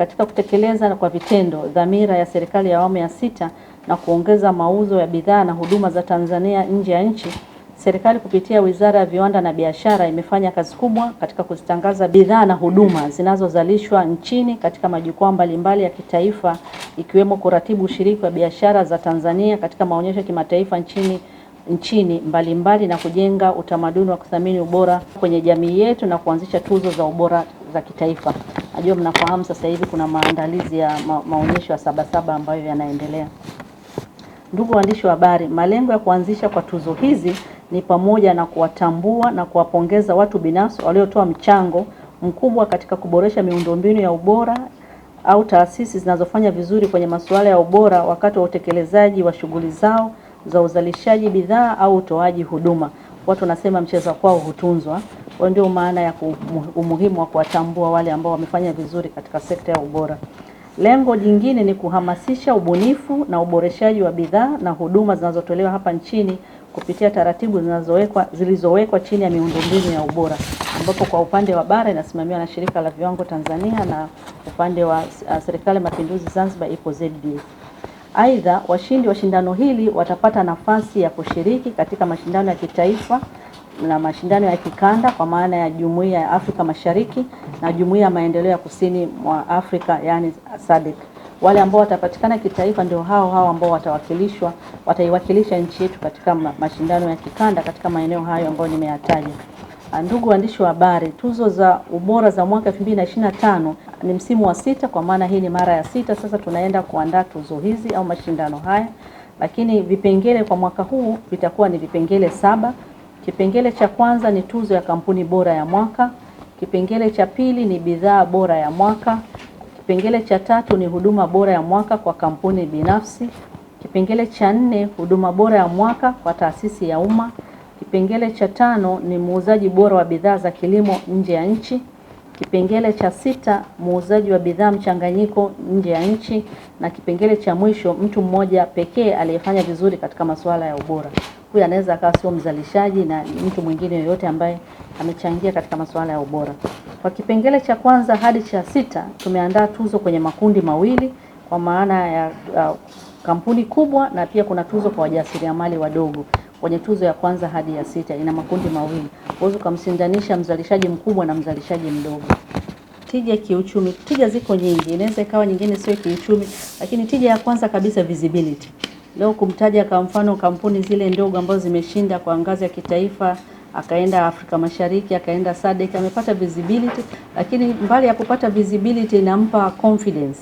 katika kutekeleza kwa vitendo dhamira ya serikali ya awamu ya sita na kuongeza mauzo ya bidhaa na huduma za Tanzania nje ya nchi, serikali kupitia Wizara ya Viwanda na Biashara imefanya kazi kubwa katika kuzitangaza bidhaa na huduma zinazozalishwa nchini katika majukwaa mbalimbali ya kitaifa ikiwemo kuratibu ushiriki wa biashara za Tanzania katika maonyesho ya kimataifa nchini nchini mbalimbali mbali na kujenga utamaduni wa kuthamini ubora kwenye jamii yetu na kuanzisha tuzo za ubora za kitaifa. Najua mnafahamu sasa hivi kuna maandalizi ya ma maonyesho ya Sabasaba ambayo yanaendelea. Ndugu waandishi wa habari, malengo ya kuanzisha kwa tuzo hizi ni pamoja na kuwatambua na kuwapongeza watu binafsi waliotoa mchango mkubwa katika kuboresha miundombinu ya ubora au taasisi zinazofanya vizuri kwenye masuala ya ubora wakati wa utekelezaji wa shughuli zao za uzalishaji bidhaa au utoaji huduma. Watu wanasema mcheza kwao hutunzwa. Kwa ndio maana ya umuhimu wa kuwatambua wale ambao wamefanya vizuri katika sekta ya ubora. Lengo jingine ni kuhamasisha ubunifu na uboreshaji wa bidhaa na huduma zinazotolewa hapa nchini kupitia taratibu zinazowekwa zilizowekwa chini ya miundombinu ya ubora, ambapo kwa upande wa bara inasimamiwa na Shirika la Viwango Tanzania na upande wa uh, Serikali Mapinduzi Zanzibar ipo ZBA. Aidha, washindi wa shindano hili watapata nafasi ya kushiriki katika mashindano ya kitaifa na mashindano ya kikanda kwa maana ya Jumuiya ya Afrika Mashariki na Jumuiya ya Maendeleo ya Kusini mwa Afrika yani SADC. Wale ambao watapatikana kitaifa ndio hao hao ambao watawakilishwa wataiwakilisha nchi yetu katika mashindano ya kikanda katika maeneo hayo ambayo nimeyataja. Ah, ndugu waandishi wa habari, tuzo za ubora za mwaka 2025 ni msimu wa sita, kwa maana hii ni mara ya sita sasa tunaenda kuandaa tuzo hizi au mashindano haya, lakini vipengele kwa mwaka huu vitakuwa ni vipengele saba. Kipengele cha kwanza ni tuzo ya kampuni bora ya mwaka. Kipengele cha pili ni bidhaa bora ya mwaka. Kipengele cha tatu ni huduma bora ya mwaka kwa kampuni binafsi. Kipengele cha nne, huduma bora ya mwaka kwa taasisi ya umma. Kipengele cha tano ni muuzaji bora wa bidhaa za kilimo nje ya nchi. Kipengele cha sita, muuzaji wa bidhaa mchanganyiko nje ya nchi, na kipengele cha mwisho, mtu mmoja pekee aliyefanya vizuri katika masuala ya ubora huyu anaweza akawa sio mzalishaji na mtu mwingine yoyote ambaye amechangia katika masuala ya ubora. Kwa kipengele cha kwanza hadi cha sita tumeandaa tuzo kwenye makundi mawili kwa maana ya uh, kampuni kubwa na pia kuna tuzo kwa wajasiriamali wadogo. Kwenye tuzo ya kwanza hadi ya sita ina makundi mawili, huwezi ukamshindanisha mzalishaji mkubwa na mzalishaji mdogo. Tija kiuchumi, tija ziko nyingi, inaweza ikawa nyingine sio kiuchumi, lakini tija ya kwanza kabisa visibility Leo kumtaja kwa mfano kampuni zile ndogo ambazo zimeshinda kwa ngazi ya kitaifa, akaenda Afrika Mashariki, akaenda SADC, amepata visibility, lakini mbali ya kupata visibility inampa confidence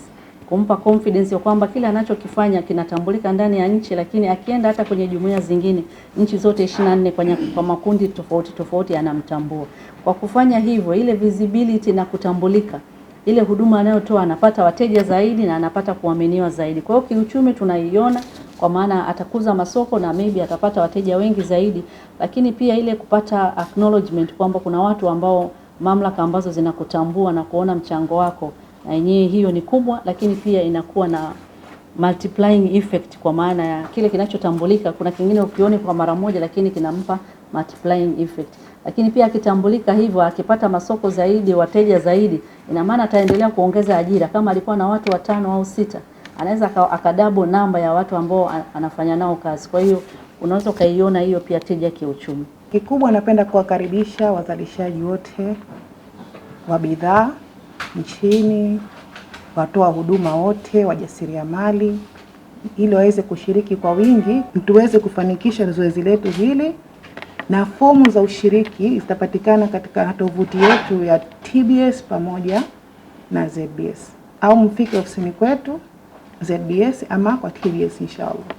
kumpa confidence ya kwamba kile anachokifanya kinatambulika ndani ya nchi, lakini akienda hata kwenye jumuiya zingine, nchi zote 24 kwenye kwa makundi tofauti tofauti anamtambua. Kwa kufanya hivyo, ile visibility na kutambulika, ile huduma anayotoa anapata wateja zaidi na anapata kuaminiwa zaidi. Kwa hiyo kiuchumi tunaiona kwa maana atakuza masoko na maybe atapata wateja wengi zaidi, lakini pia ile kupata acknowledgement kwamba kuna watu ambao mamlaka ambazo zinakutambua na kuona mchango wako, na yenyewe hiyo ni kubwa, lakini pia inakuwa na multiplying effect kwa maana ya kile kinachotambulika, kuna kingine ukione kwa mara moja, lakini kinampa multiplying effect. Lakini pia akitambulika hivyo, akipata masoko zaidi, wateja zaidi, ina maana ataendelea kuongeza ajira. Kama alikuwa na watu watano au sita anaweza akadabo namba ya watu ambao anafanya nao kazi. Kwa hiyo unaweza ukaiona hiyo pia tija kiuchumi. Kikubwa napenda kuwakaribisha wazalishaji wote wa bidhaa nchini, watoa huduma wote, wajasiriamali, ili waweze kushiriki kwa wingi, tuweze kufanikisha zoezi letu hili, na fomu za ushiriki zitapatikana katika tovuti yetu ya TBS pamoja na ZBS, au mfike ofisini kwetu ZBS ama kwa TBS inshallah.